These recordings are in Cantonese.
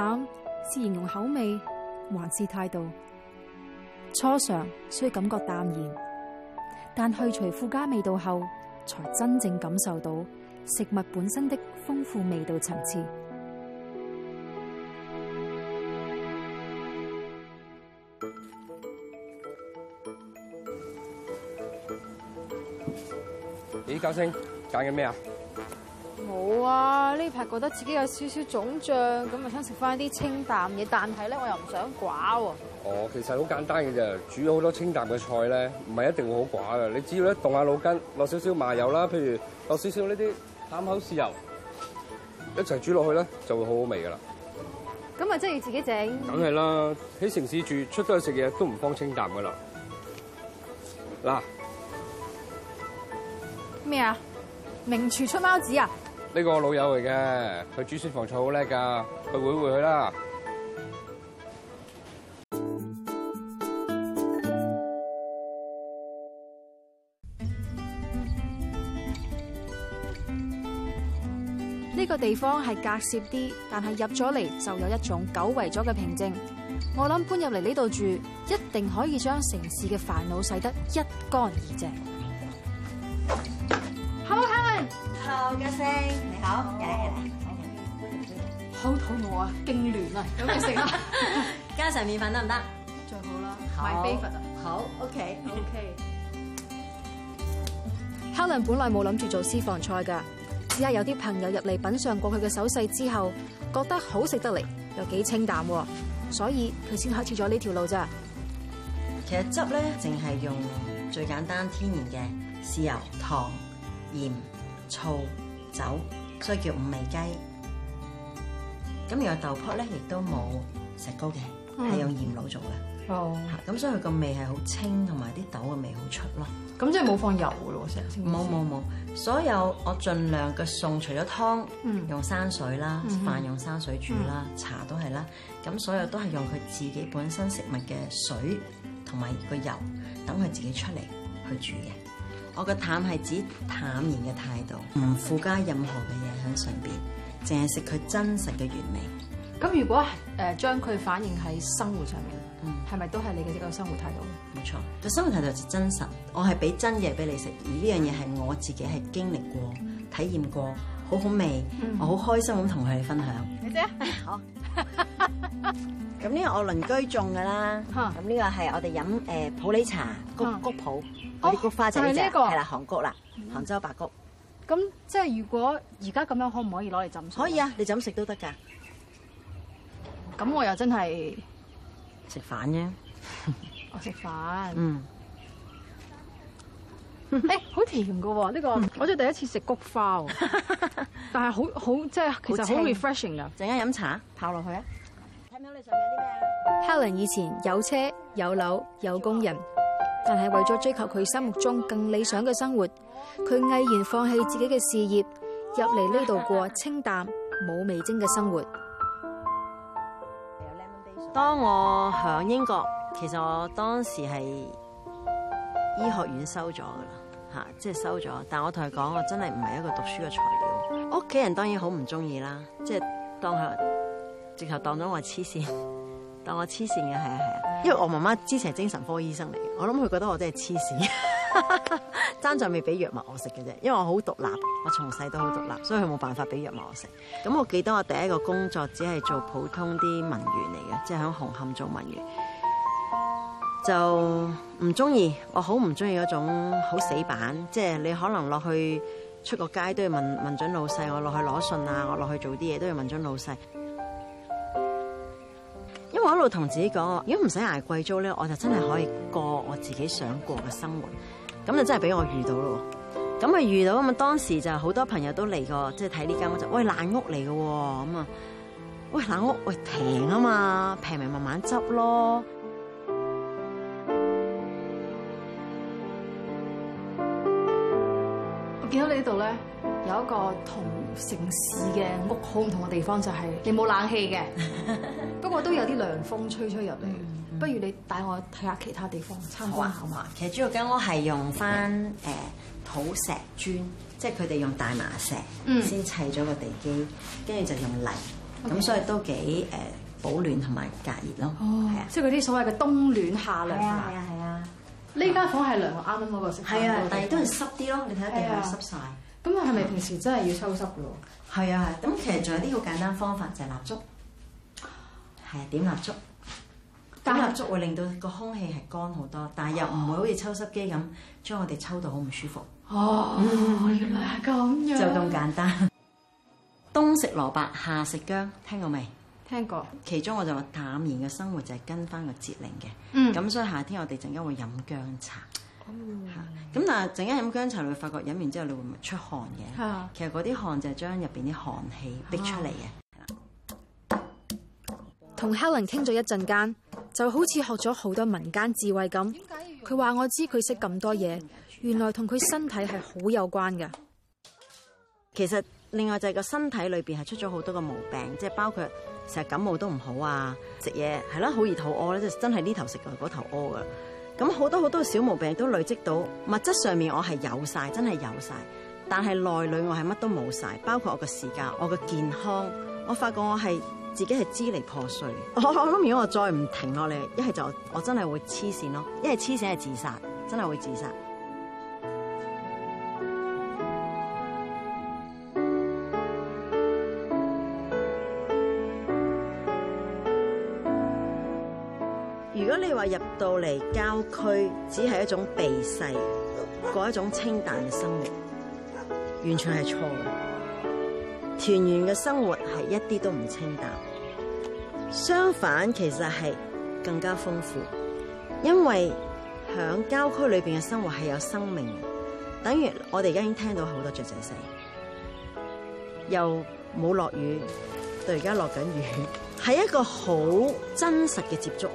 淡，是形容口味，還是態度？初嘗雖感覺淡然，但去除附加味道後，才真正感受到食物本身的豐富味道層次。咦、欸，九星揀緊咩啊？冇啊！呢排覺得自己有少少腫脹，咁啊想食翻啲清淡嘢，但係咧我又唔想寡喎、啊。哦，其實好簡單嘅啫，煮咗好多清淡嘅菜咧，唔係一定會好寡噶。你只要動一動下腦筋，落少少麻油啦，譬如落少少呢啲淡口豉油，一齊煮落去咧，就會好好味噶啦。咁啊，即係要自己整。梗係啦，喺城市住，出得去食嘢都唔方清淡噶啦。嗱、啊，咩啊？名廚出貓子啊！呢、這個我老友嚟嘅，佢煮雪房菜好叻噶，去會會佢啦。呢個地方係隔涉啲，但係入咗嚟就有一種久違咗嘅平靜。我諗搬入嚟呢度住，一定可以將城市嘅煩惱洗得一乾二淨。食嘅你好，好肚餓啊，勁暖啊，有咩食啊？加上麵粉得唔得？最好啦，賣飛佛啊，好，OK OK。Helen 本來冇諗住做私房菜㗎，只係有啲朋友入嚟品嘗過佢嘅手勢之後，覺得好食得嚟，又幾清淡，所以佢先開始咗呢條路咋。其實汁咧，淨係用最簡單天然嘅，豉油、糖、鹽、醋。酒，所以叫五味雞。咁而個豆卜咧，亦都冇石膏嘅，係用鹽滷做嘅。哦，咁所以佢個味係好清，同埋啲豆嘅味好出咯。咁、嗯、即係冇放油嘅咯，成冇冇冇。所有我盡量嘅餸，除咗湯、嗯，用山水啦，飯用山水煮啦、嗯，茶都係啦。咁所有都係用佢自己本身食物嘅水同埋個油，等佢自己出嚟去煮嘅。我嘅淡係指淡然嘅態度，唔附加任何嘅嘢喺上邊，淨係食佢真實嘅原味。咁如果誒、呃、將佢反映喺生活上面，係、嗯、咪都係你嘅呢個生活態度？冇錯，個、嗯嗯、生活態度就係真實，我係俾真嘢俾你食，而呢樣嘢係我自己係經歷過、嗯、體驗過，好好味，嗯、我好開心咁同佢哋分享。你先， 好。咁呢個我鄰居種噶啦，咁呢個係我哋飲誒普洱茶，菊菊普嗰啲菊花仔啫，係、哦、啦，韓國啦，杭州白菊。咁即係如果而家咁樣可唔可以攞嚟浸水？可以啊，你就咁食都得噶。咁我又真係食飯啫，我食飯。 嗯。誒，好甜噶，呢個，我真係第一次食菊花喎，但係好好即係，其實好 refreshing 噶。陣間飲茶，跑落去啊！Helen 以前有車有樓有工人，但係為咗追求佢心目中更理想嘅生活，佢毅然放棄自己嘅事業，入嚟呢度過清淡冇味精嘅生活。當我響英國，其實我當時係。醫學院收咗噶啦，吓即係收咗。但我同佢講，我真係唔係一個讀書嘅材料。屋企人當然好唔中意啦，即係當佢，直頭當咗我痴線，當我痴線嘅係啊係啊。因為我媽媽之前係精神科醫生嚟嘅。我諗佢覺得我真係痴線，爭在未俾藥物我食嘅啫。因為我好獨立，我從細都好獨立，所以佢冇辦法俾藥物我食。咁我記得我第一個工作只係做普通啲文員嚟嘅，即係響紅磡做文員。就唔中意，我好唔中意嗰種好死板，即係你可能落去出個街都要問問准老細，我落去攞信啊，我落去做啲嘢都要問准老細。因為我一路同自己講，如果唔使挨貴租咧，我就真係可以過我自己想過嘅生活。咁就真係俾我遇到咯。咁啊遇到咁啊，當時就好多朋友都嚟過，即係睇呢間屋就喂爛屋嚟嘅，咁啊喂爛屋喂平啊嘛，平咪慢慢執咯。見到你呢度咧，有一個同城市嘅屋好唔同嘅地方，就是，就係你冇冷氣嘅， 不過都有啲涼風吹吹入嚟。不如你帶我睇下其他地方參，參觀下嘛。其實主要間屋係用翻誒土石磚，是即係佢哋用大麻石先砌咗個地基，跟住就用泥，咁、嗯、所以都幾誒保暖同埋隔熱咯。係、哦、啊，即係嗰啲所謂嘅冬暖夏涼啊。係啊係啊。呢間房係涼啱啱嗰個色，係啊，但係都係濕啲咯。你睇一定係濕晒。咁係咪平時真係要抽濕嘅喎？係啊係，咁其實仲有啲好簡單方法，就係、是、蠟燭。係啊，點蠟燭？點蠟燭會令到個空氣係乾好多，但係又唔會好似抽濕機咁將我哋抽到好唔舒服。哦，嗯、原來係咁樣。就咁簡單。冬食蘿蔔，夏食薑，聽過未？聽過，其中我就話淡然嘅生活就係跟翻個節令嘅。咁、嗯、所以夏天我哋陣間會飲薑茶嚇。咁但係陣間飲薑茶，你會發覺飲完之後你會唔會出汗嘅？其實嗰啲汗就係將入邊啲寒氣逼出嚟嘅。同 Helen 傾咗一陣間，就好似學咗好多民間智慧咁。點解，佢話我知佢識咁多嘢，原來同佢身體係好有關嘅。其實另外就係個身體裏邊係出咗好多個毛病，即係包括。成日感冒都唔好啊，食嘢係咯好易肚屙咧，即係真係呢頭食又嗰頭屙噶咁好多好多小毛病都累積到物質上面，我係有晒，真係有晒。但係內裏我係乜都冇晒，包括我嘅時間、我嘅健康，我發覺我係自己係支離破碎。我諗如果我再唔停落嚟，一係就我真係會黐線咯，一係黐線係自殺，真係會自殺。如果你話入到嚟，郊區，只係一種避世，過一種清淡嘅生活，完全係錯嘅。團圓嘅生活係一啲都唔清淡，相反其實係更加豐富，因為響郊區裏邊嘅生活係有生命，等於我哋而家已經聽到好多雀仔聲，又冇落雨，到而家落緊雨，係一個好真實嘅接觸。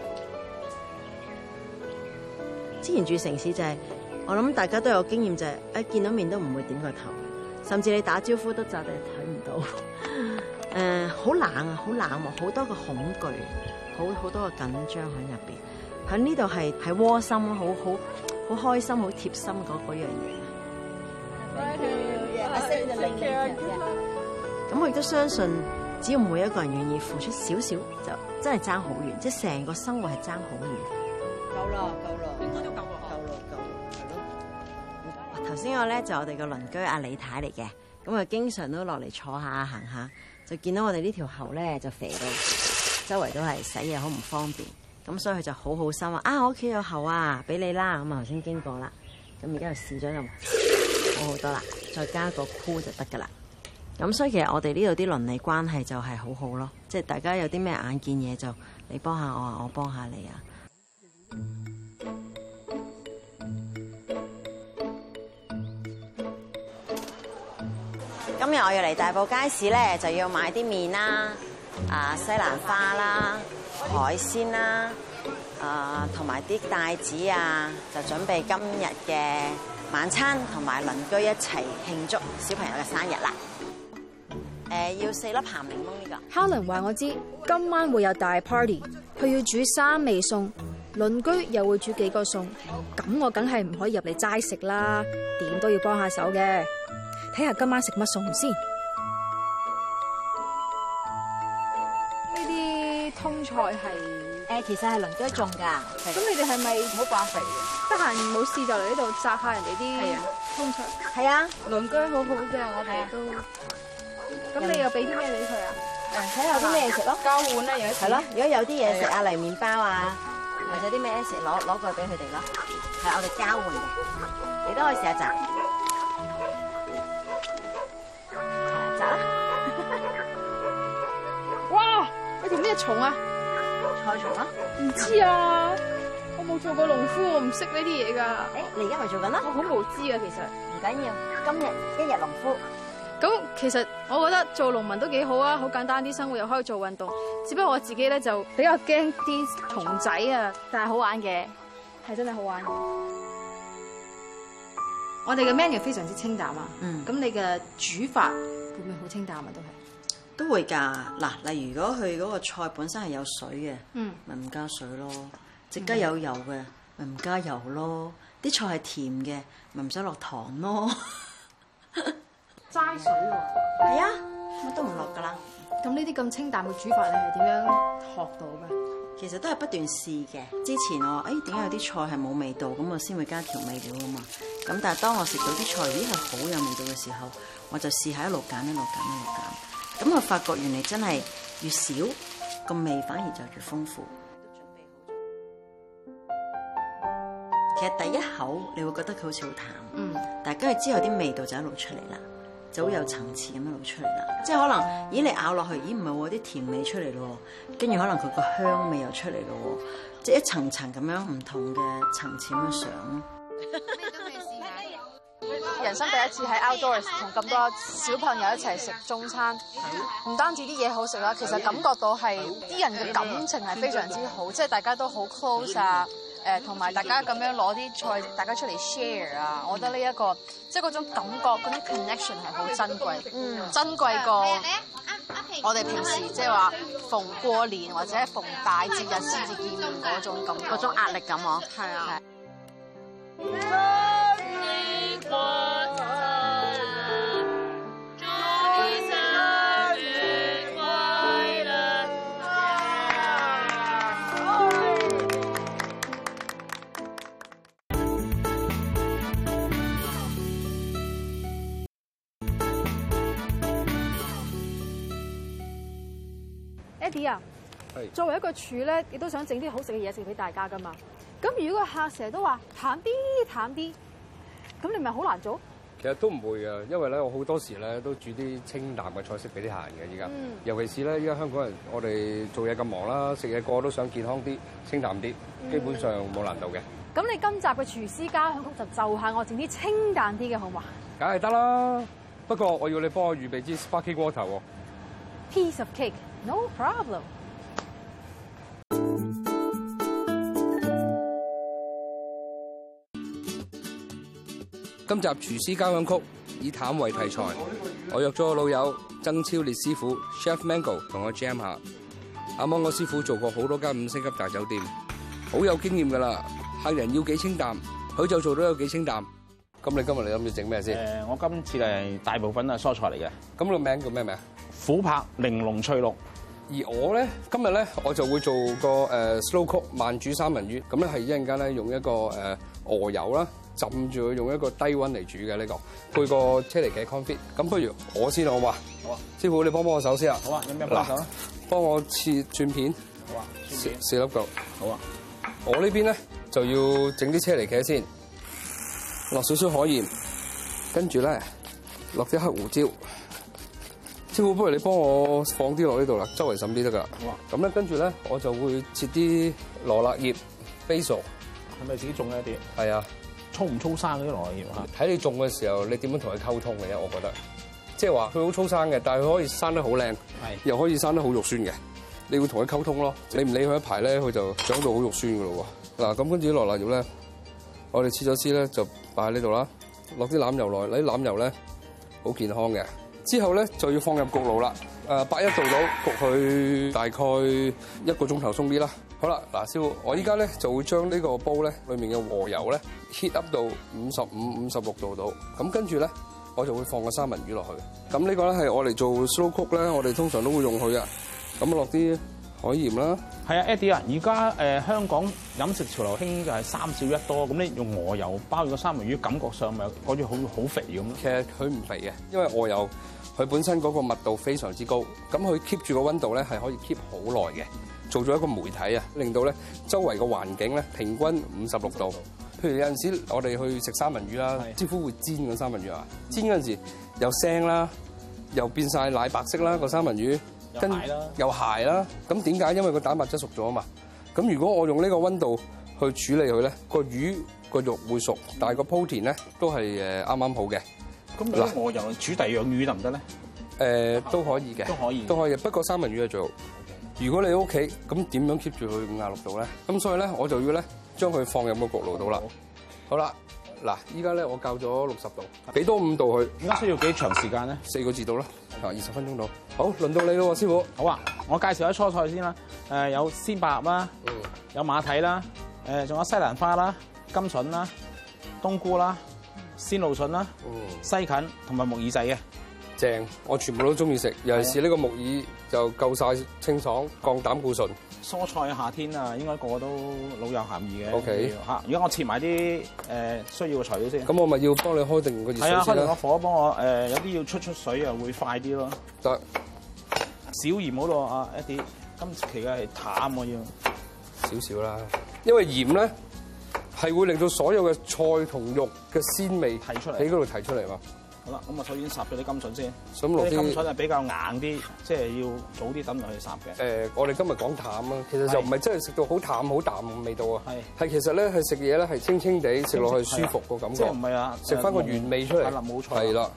之前住城市就係、是，我諗大家都有經驗就係、是，一、哎、見到面都唔會點個頭，甚至你打招呼都詐諦睇唔到。誒、呃，好冷啊，好冷漠，好很多個恐懼，好好多個緊張喺入邊。喺呢度係喺窩心，好好好開心，好貼心嗰嗰樣嘢。咁、yeah. 我亦都相信，只要每一個人願意付出少少，就真係爭好遠，即係成個生活係爭好遠。夠啦，夠啦，應該都夠啦，夠啦，夠，係咯。頭先、哦、我咧就、我哋個鄰居阿李太嚟嘅，咁啊經常都落嚟坐下行下，就見到我哋呢條喉咧就肥到，周圍都係洗嘢好唔方便，咁所以佢就好好心啊，啊我屋企有喉啊，俾你啦，咁啊頭先經過啦，咁而家又試咗又好好多啦，再加個箍就得噶啦。咁所以其實我哋呢度啲鄰里關係就係好好咯，即係大家有啲咩眼見嘢就你幫下我啊，我幫下你啊。今日我要嚟大埔街市咧，就要買啲麵啦、啊西蘭花啦、海鮮啦、啊同埋啲帶子啊，就準備今日嘅晚餐，同埋鄰居一齊慶祝小朋友嘅生日啦。誒，要四粒鹹檸檬呢個。Helen 話我知今晚會有大 party，佢要煮三味餸，鄰居又會煮幾個餸，咁我梗係唔可以入嚟齋食啦，點都要幫下手嘅。睇下今晚食乜餸先。呢啲通菜係誒，其實係鄰居種㗎。咁你哋係咪冇辦法嘅？得閒冇事就嚟呢度摘下人哋啲通菜。係啊，鄰居好好嘅，我哋都。咁你又俾啲咩俾佢啊？誒，睇下啲咩食咯，交換啦，如果係咯，如果有啲嘢食啊，嚟麪包啊，或者啲咩食攞攞過去俾佢哋咯，係我哋交換嘅，你都可以試下摘。蟲啊，菜蟲啊，唔知啊，我冇做過農夫，我唔識呢啲嘢噶。誒、欸，你而家咪做緊啦？我好無知啊，其實唔緊要，今日一日農夫。咁其實我覺得做農民都幾好啊，好簡單啲生活又可以做運動，只不過我自己咧，就比較驚啲蟲仔啊，但係好玩嘅，係真係好玩嘅！我哋嘅 menu 非常之清淡啊，嗯，咁你嘅煮法會唔會好清淡啊？都係。都會㗎嗱，例如果佢嗰個菜本身係有水嘅，咪、嗯、唔加水咯；隻雞有油嘅，咪、嗯、唔加油咯。啲菜係甜嘅，咪唔使落糖咯 。齋水喎，係啊，乜都唔落㗎啦。咁呢啲咁清淡嘅煮法，你係點樣學到嘅？其實都係不斷試嘅。之前我誒，點解有啲菜係冇味道，咁我先會加調味料啊嘛。咁但係當我食到啲菜已經係好有味道嘅時候，我就試下一路減一路減一路減。咁我發覺原嚟真係越少個味，反而就越豐富。其實第一口你會覺得佢好似好淡，嗯，但係跟住之後啲味道就一路出嚟啦，就好有層次咁樣露出嚟啦。即係可能咦你咬落去，咦，唔係喎，啲甜味出嚟咯，跟住可能佢個香味又出嚟咯，即係一層層咁樣唔同嘅層次咁樣上。人生第一次喺 outdoors 同咁多小朋友一齊食中餐，唔單止啲嘢好食啦，其實感覺到係啲人嘅感情係非常之好，即係大家都好 close 啊，誒同埋大家咁樣攞啲菜、嗯，大家出嚟 share 啊，我覺得呢、這、一個即係嗰種感覺嗰啲 connection 係好珍貴，嗯，珍貴過我哋平時是即係話逢過年或者逢大節日先至見面嗰種種感覺，嗰、嗯、種壓力咁呵。嗯、啊。啊！作為一個廚咧，亦都想整啲好食嘅嘢食俾大家噶嘛。咁如果客成日都話淡啲，淡啲，咁你咪好難做。其實都唔會啊，因為咧我好多時咧都煮啲清淡嘅菜式俾啲客人嘅。依家，嗯、尤其是咧依家香港人，我哋做嘢咁忙啦，食嘢個個都想健康啲、清淡啲，基本上冇難度嘅。咁、嗯、你今集嘅廚師家鄉就就下我整啲清淡啲嘅，好嘛？梗係得啦。不過我要你幫我預備支 sparkling water 喎。Piece of cake。no problem。今集廚師交響曲以淡為題材，嗯嗯嗯、我約咗我老友曾超烈師傅 Chef Mango 同我 jam 下。阿芒果師傅做過好多間五星級大酒店，好有經驗㗎啦。客人要幾清淡，佢就做到有幾清淡。咁你今日你諗住整咩先？誒、呃，我今次係大部分係蔬菜嚟嘅。咁個名叫咩名啊？琥珀玲瓏翠綠。而我咧今日咧，我就會做個 slow cook 慢煮三文魚，咁咧係一陣間咧用一個誒鵝油啦浸住佢，用一個低溫嚟煮嘅呢個，配個車厘茄 confit。咁不如我先攞好嘛？好啊，師傅你幫幫我手先啊。好啊，有咩幫幫我切轉片。好啊，四四粒角。好啊。我邊呢邊咧就要整啲車厘茄先，落少少海鹽，跟住咧落啲黑胡椒。師傅，不如你幫我放啲落、啊、呢度啦，周圍滲啲得㗎。哇！咁咧，跟住咧，我就會切啲羅勒葉，飛熟。係咪自己種一啲？係啊，粗唔粗生啲羅勒葉吓？睇你種嘅時候，你點樣同佢溝通嘅？我覺得，即係話佢好粗生嘅，但係佢可以生得好靚，又可以生得好肉酸嘅。你會同佢溝通咯，你唔理佢一排咧，佢就長到好肉酸㗎咯喎。嗱，咁跟住羅勒葉咧，我哋切咗絲咧，就擺喺呢度啦。落啲欖油落去，呢啲欖油咧好健康嘅。之後咧就要放入焗爐啦，誒八一度到焗佢大概一個鐘頭鬆啲啦。好啦，嗱，師傅，我依家咧就會將呢個煲咧裏面嘅和油咧 heat up 到五十五、五十六度到。咁跟住咧，我就會放個三文魚落去。咁呢個咧係我嚟做 slow cook 咧，我哋通常都會用佢嘅。咁我落啲海鹽啦，係啊，Eddie 啊，而家誒香港飲食潮流興就係三少一多，咁咧用鵝油包住個三文魚，感覺上咪好似好好肥咁。其實佢唔肥嘅，因為鵝油佢本身嗰個密度非常之高，咁佢 keep 住個温度咧係可以 keep 好耐嘅，做咗一個媒體啊，令到咧周圍個環境咧平均五十六度。譬如有陣時我哋去食三文魚啦，幾乎會煎緊三文魚啊，煎嗰時又腥啦，又變晒奶白色啦，個三文魚。跟又鞋啦，咁點解？因為個蛋白質熟咗啊嘛。咁如果我用呢個温度去處理佢咧，個魚個肉會熟，但係個鋪田咧都係誒啱啱好嘅。咁如果我又煮第二樣魚得唔得咧？誒都可以嘅，都可以，都可以。不過三文魚係最好。如果你喺屋企咁點樣 keep 住佢五十六度咧？咁所以咧我就要咧將佢放入個焗爐度啦。好啦。嗱，依家咧我校咗六十度，俾多五度佢。依家需要幾長時間咧？四個字到啦，啊，二十分鐘到。好，輪到你咯，師傅。好啊，我介紹啲蔬菜先啦。誒，有鮮百合啦，有馬蹄啦，誒，仲有西蘭花啦、甘筍啦、冬菇啦、鮮露筍啦、嗯、西芹同埋木耳仔嘅。正，我全部都中意食，尤其是呢個木耳就夠晒清爽，降膽固醇。蔬菜夏天啊，應該個個都老有鹹意嘅。OK，嚇！如果我切埋啲誒需要嘅材料先，咁我咪要幫你開定個熱水先啦。係啊，開個火，幫我誒、呃，有啲要出出水啊，會快啲咯。得，少鹽好咯，啊，一啲今期嘅係淡我要，少少啦。因為鹽咧係會令到所有嘅菜同肉嘅鮮味提出嚟，喺嗰度提出嚟嘛。是好啦，咁啊，首先烚咗啲金筍先。啲金筍係比較硬啲，即係要早啲抌落去烚嘅。誒，我哋今日講淡啦，其實就唔係真係食到好淡好淡味道啊。係係，其實咧係食嘢咧係清清地食落去舒服個感覺，即係唔係啊？食翻個原味出嚟係啦，冇錯。係啦，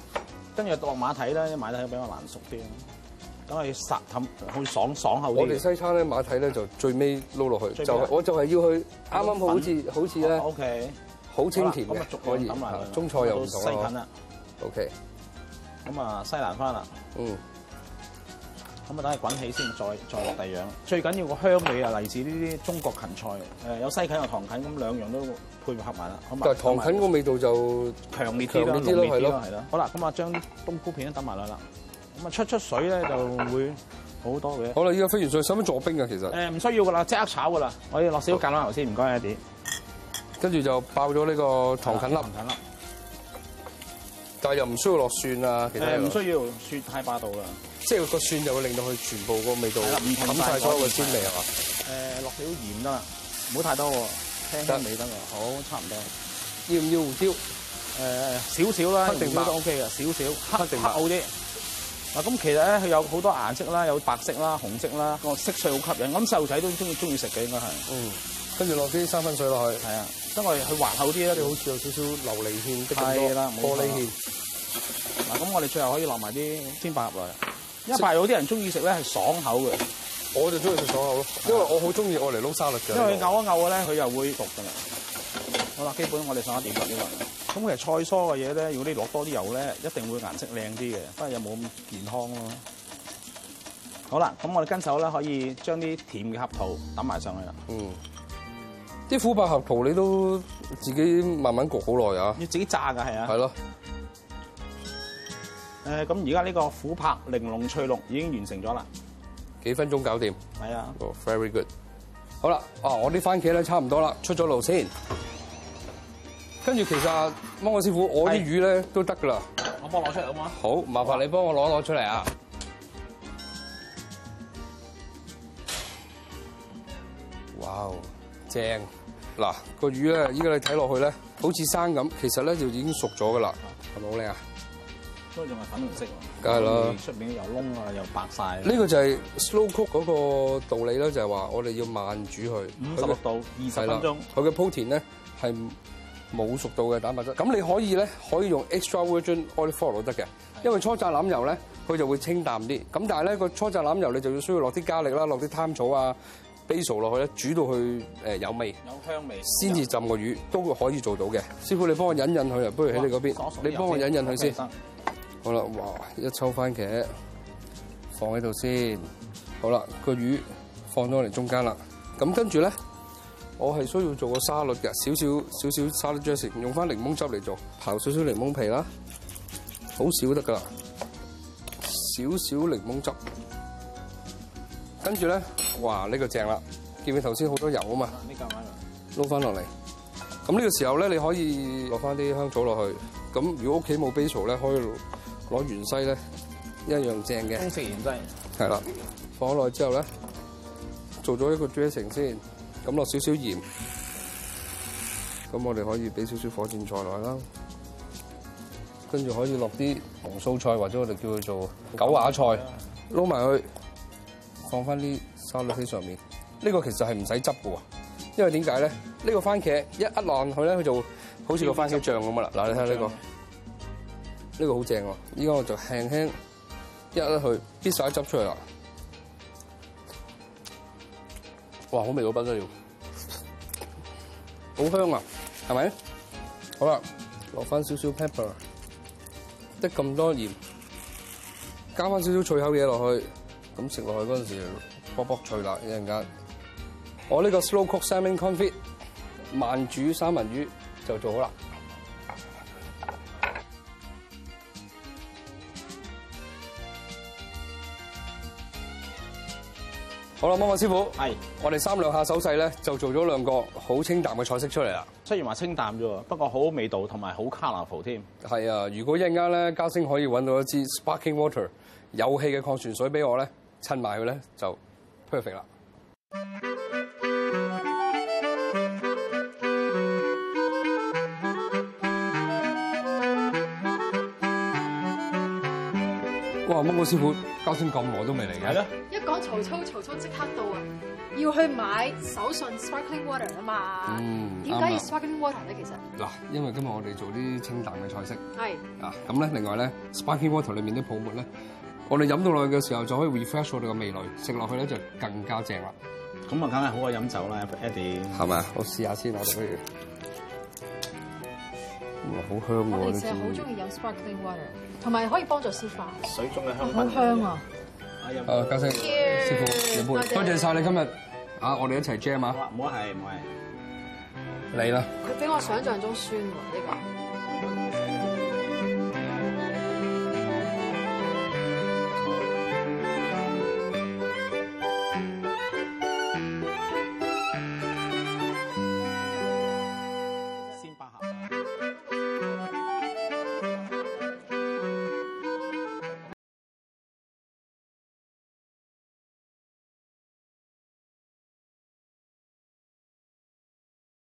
跟住落馬蹄啦，馬蹄比較難熟啲，咁係烚氹好爽爽口啲。我哋西餐咧馬蹄咧就最尾撈落去，就係我就係要去啱啱好，好似好似咧，OK，好清甜，咁足可以。中菜又唔同啊。O K，咁啊西蘭花啦，嗯，咁啊等佢滾起先，再再落第二樣。最緊要個香味啊，嚟自呢啲中國芹菜，誒，有西芹又糖芹，咁兩樣都配合埋啦。但係糖芹個味道就強烈啲咯，係咯，係咯。好啦，咁啊將冬菇片都揼埋落啦，咁啊出出水咧就會好多嘅。好啦，依家飛完水使乜坐冰噶？其實誒唔需要噶啦，即刻炒噶啦，我要落少少橄欖油先，唔該阿爹，跟住就爆咗呢個糖芹粒。但又唔需要落蒜啊，其實唔需要蒜太霸道啦，即係個蒜就會令到佢全部個味道冚晒所有嘅鮮味係嘛？誒、呃、落少鹽啦，唔好太多喎，輕輕味得啦，好，差唔多。要唔要胡椒？誒少少啦，唔好都 OK 嘅，少少黑黑好啲。嗱咁其實咧，佢有好多顏色啦，有白色啦、紅色啦，個色水好吸引，咁細路仔都中意中意食嘅應該係。嗯。跟住落啲生粉水落去，係啊，嗯、啊，啊，因為佢滑口啲咧，你好似有少少琉璃芡咁多，玻璃芡。嗱，咁我哋最後可以落埋啲煎白鴨落嚟，因為白有啲人中意食咧，係爽口嘅。我的煮煮的就中意食爽口咯，因為我好中意愛嚟撈沙律醬。因為咬一咬嘅咧，佢又會焗㗎喇。好啦，基本上我哋上一碟啦，呢個。咁其實菜蔬嘅嘢咧，如果你落多啲油咧，一定會顏色靚啲嘅，不過又冇咁健康咯。好啦，咁我哋跟手咧可以將啲甜嘅核桃揼埋上去啦。嗯。啲琥珀合桃你都自己慢慢焗好耐啊！要自己炸噶係啊！係咯。誒，咁而家呢個琥珀玲瓏翠綠已經完成咗啦，幾分鐘搞掂。係啊。哦，very good。好啦，哦，我啲番茄咧差唔多啦，出咗爐先。跟住其實，芒果師傅，我啲魚咧都得噶啦。我幫攞出嚟好嗎？好，麻煩你幫我攞攞出嚟啊！哇正！嗱、這個魚咧，依家你睇落去咧，好似生咁，其實咧就已經熟咗噶啦，係咪好靚啊？都仲係粉紅色梗係啦。出面又燶啊，又白晒！呢、這個就係 slow cook 嗰個道理啦，就係、是、話我哋要慢煮佢，五十六度二十分鐘佢嘅鋪田咧係冇熟到嘅蛋白質。咁你可以咧可以用 extra virgin olive oil 都得嘅，因為初榨橄欖油咧佢就會清淡啲。咁但係咧個初榨橄欖油你就要需要落啲加力啦，落啲貪草啊。basil 落去咧，煮到佢誒有味，有香味，先至浸個魚都會可以做到嘅。師傅你幫我忍忍佢啊，不如喺你嗰邊，你幫我忍忍佢先。好啦，哇！一抽番茄放喺度先。好啦，個魚放咗嚟中間啦。咁跟住咧，我係需要做個沙律嘅，少少少少沙律醬，用翻檸檬汁嚟做，刨少少檸檬皮啦，好少得噶啦，少少檸檬汁。跟住咧，哇！呢個正啦，見見頭先好多油啊嘛，撈翻落嚟。咁呢個時候咧，你可以落翻啲香草落去。咁如果屋企冇 basil 咧，可以攞芫茜咧一樣正嘅。食色芫茜。係啦，放落去之後咧，做咗一個 dressing 先，咁落少少鹽。咁我哋可以俾少少火箭菜落去啦，跟住可以落啲紅素菜，或者我哋叫佢做九瓦菜，撈埋去。放翻啲沙律喺上面，呢個其實係唔使執嘅喎，因為點解咧？呢個番茄一一攣佢咧，佢就好似個番茄醬咁啊啦！嗱，你睇下呢個，呢個好正喎！依家我就輕輕一攣佢，啲汁執出嚟啦！哇，好味到不得了，好香啊，係咪？好啦，落翻少少 pepper，得咁多鹽，加翻少少脆口嘢落去。咁食落去嗰陣時，卜卜脆啦！一陣間，我呢個 slow cook salmon confit 慢煮三文魚就做好啦。 好啦，芒果師傅，係我哋三兩下手勢咧，就做咗兩個好清淡嘅菜式出嚟啦。雖然話清淡啫，不過好好味道，同埋好 colorful 添。係啊，如果一陣間咧，嘉升可以揾到一支 sparking water 有氣嘅礦泉水俾我咧。趁埋去咧就 perfect 啦！哇，芒果師傅，交先咁耐都未嚟嘅，一講曹操，曹操即刻到啊！要去買手信 sparkling water 啊嘛，點解要 sparkling water 咧？其實嗱，因為今日我哋做啲清淡嘅菜式，啊，係咁咧，另外咧 sparkling water 裏面啲泡沫咧。我哋飲到落去嘅時候就可以 refresh 我哋嘅味蕾，食落去咧就更加正啦。咁啊，梗係好過飲酒啦，Eddie。係咪啊？我試下先，我哋不如。哇、嗯，好香喎！我哋好中意飲 sparkling water，同埋可以幫助消化。水中嘅香、啊，好香啊！啊，嘉升、啊、師傅，多謝晒你今日啊！我哋一齊 jam 啊！唔好係冇啊，你啦！佢比我想象中酸喎，呢個。